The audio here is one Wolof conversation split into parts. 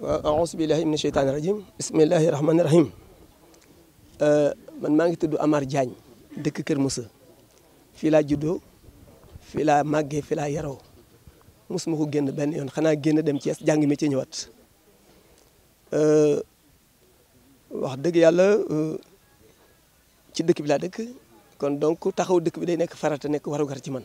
waaw aouzu billahi mina sheytaani rajim bismillahi rahmaani rahim euh, man maa ngi tudd Amar Diagne dëkk Kër Moussa fii laa juddoo fii laa màggee fii laa yaroo mosuma ko génn benn yoon xanaa génn dem Thiès jàng mi ci ñëwaat euh, wax dëgg yàlla euh, ci dëkk bi laa dëkk kon donc taxaw dëkk bi day nekk farata nekk warugar ci man.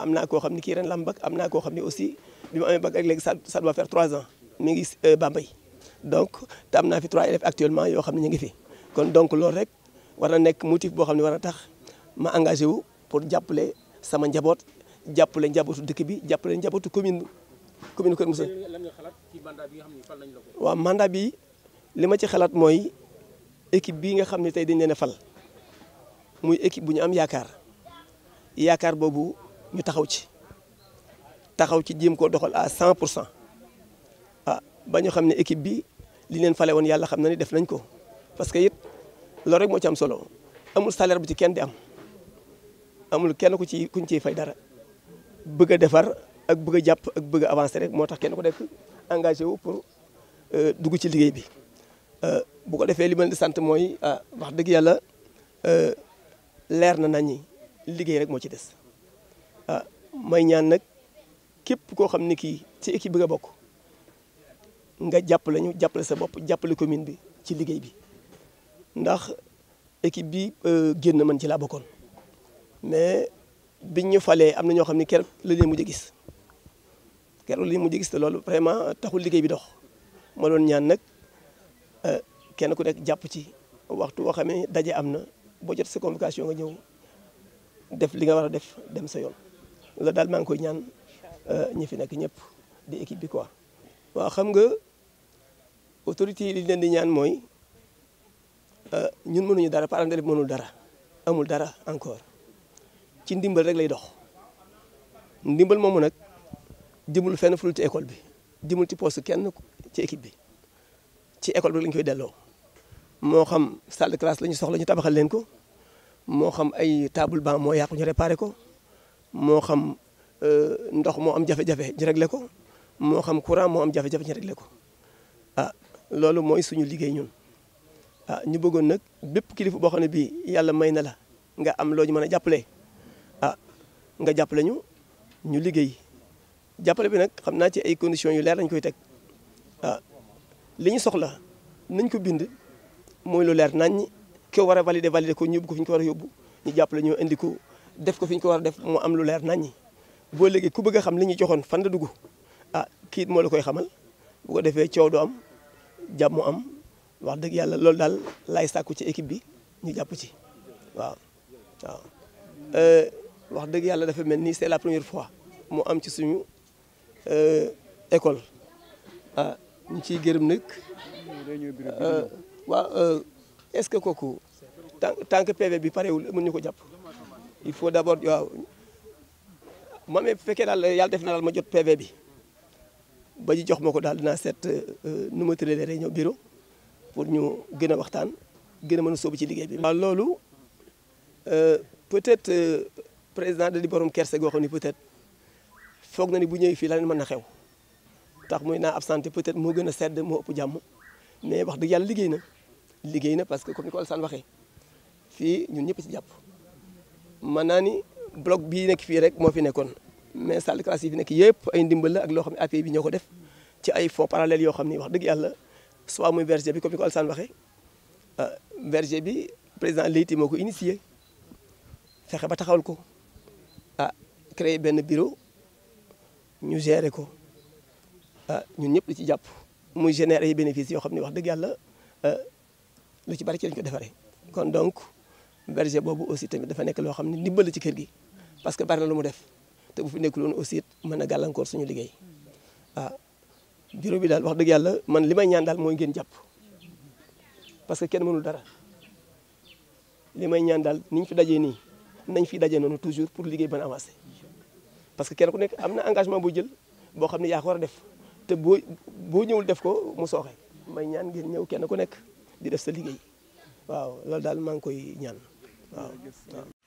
am naa koo xam ne kii ren la am bac am naa koo xam ne aussi bi mu amee bac ak léegi ça ça trois ans mi ngi euh, Bambey donc te am naa fi trois élèves actuellement yoo xam ne ñu ngi fi kon donc loolu rek war na nekk motif boo xam ne war na tax ma engagé wu pour jàppale sama njaboot jàppale njabootu dëkk bi jàppale njabootu commune commune Kër Moussa. lan nga xalaat ci mandat nga xam ne fal nañ la ko. waaw mandat bi li ma ci xalaat mooy équipe bii nga xam ne tey dañ leen a fal muy équipe bu ñu am yaakaar yaakaar boobu. ñu taxaw ci taxaw ci jéem koo doxal à cent pour cent a ah, ba xam ne équipe bi li leen fale woon yàlla xam na ni def nañ ko parce que it loolu moo ci am solo amul salaire bu ci kenn di am amul kenn ku ci kuñ ciy fay dara bëgg defar ak bëgg a jàpp ak bëgg a rek moo tax kenn ko nekk engagé wu pour euh, dugg ci liggéey bi euh, bu ko defee li ma di sant mooy ah wax dëgg yàlla euh, leer na nañi liggéey rek moo ci des. ah may ñaan nag képp koo xam ne kii ci équipe bi nga bokk nga jàppale ñu jàppale sa bopp jàppale commune bi ci liggéey bi ndax équipe bi euh, génn man ci laa bokkoon mais biñ ñu falee am na ñoo xam ne keroog la leen mujj gis keroog la leen mujj gis te loolu vraiment taxul liggéey bi dox ma doon ñaan nag euh, kenn ku nekk jàpp ci waxtu boo xamee daje am na boo jot sa convocation nga ñëw def li nga war a def dem sa yoon. loolu daal maa ngi koy ñaan euh, ñi fi nekk ñëpp di équipe bi quoi. waaw xam nga autorité yi li leen di ñaan mooy euh, ñun mënuñu dara parent d'élève mënul dara amul dara encore ci ndimbal rek lay dox ndimbal moomu nag dimul fenn ful ci école bi dimul ci poste kenn ci équipe bi ci école bi lañ koy delloo moo xam salle de classe la ñu soxla ñu tabaxal leen ko moo xam ay table banc moo yàqu ñu réparé ko. moo xam euh, ndox moo am jafe-jafe ñu réglé ko moo xam courant moo am jafe-jafe ñu réglé ko ah loolu mooy suñu liggéey ñun ah ñu bëggoon nag bépp kilifa boo xam ne bii yàlla may na la nga am loo ñu mën a jàppale ah nga jàppale ñu ñu liggéey jàppale bi nag xam naa ci ay conditions yu leer lañ koy teg ah li ñu soxla nañ ko bind mooy lu leer nañ ko war a valider valider ko ñu yóbbu ko fi ñu ko war a yóbbu ñu jàppale ñu indi ko def ko fi ñu ko war a def mu am lu leer naññi boo léegi ku bëgg a xam li ñu joxoon fan la dugg ah kii moo la koy xamal boo ko defee coow du am jàmm am wax dëgg yàlla loolu daal lay sàkku ci équipe bi ñu jàpp ci waaw euh, wax dëgg yàlla dafa mel ni c'est la première fois mu am ci suñu euh, école ah ñu ciy gërëm nag euh, est-ce que kooku tant tant bi parewul mën ñu ko jàpp il faut d'abord abord waaw ma ne bu def na dal ma jot PV bi ba ji jox mako dal daal set seet euh, nu ma tëralee réunion bureau pour ñu gëna waxtaan gëna a mën ci liggéey bi. lolu loolu euh, peut-être euh, président de li borom kersé go xamni peut-être fogg na ni bu ñëw fi lan mëna xew tax muy na absenté peut-être mo gëna a sedd moo ëpp jamm mais wax dëgg yalla liggéey na liggéey na parce que comme ni ko Alassane waxé fi ñun ñëpp ci japp mën naa ni bloc bii nekk fii rek moo fi nekkoon mais salle de classe fi nekk yëpp ay ndimbal la ak loo xam ne appui bi ñoo ko def ci ay fonds parallèles yoo xam ni wax dëgg yàlla soit muy verger bi comme ni ko Alassane waxee euh, verger bi président Leyti moo ko initié fexe ba taxawal ko ah créé benn bureau ñu gérer ko ah ñun ñëpp lu ci jàpp muy générer ay bénéfices yoo xam ne wax dëgg yàlla euh, lu ci bari ci lañ ko defaree kon donc. berger bobu aussi tamit dafa nek lo xamni ne ci kër gi parce que barna lu mu def te bu fi nekkul woon aussi meuna galankor suñu liggey ah juro bi dal wax deug yalla man limay lima ñaan dal moy ngeen japp parce que kenn mënul dara limay ñaan dal ni fi dajé ni nañ fi dajé noonu toujours pour liggey ban avancer parce que kenn ku nek am engagement bu jël bo xamni ya ko war def te bo bo ñewul def ko mu soxé may ñaan ngeen ñew kenn ku nek di def sa liggey waaw lool dal mang koy ñaan Um, um,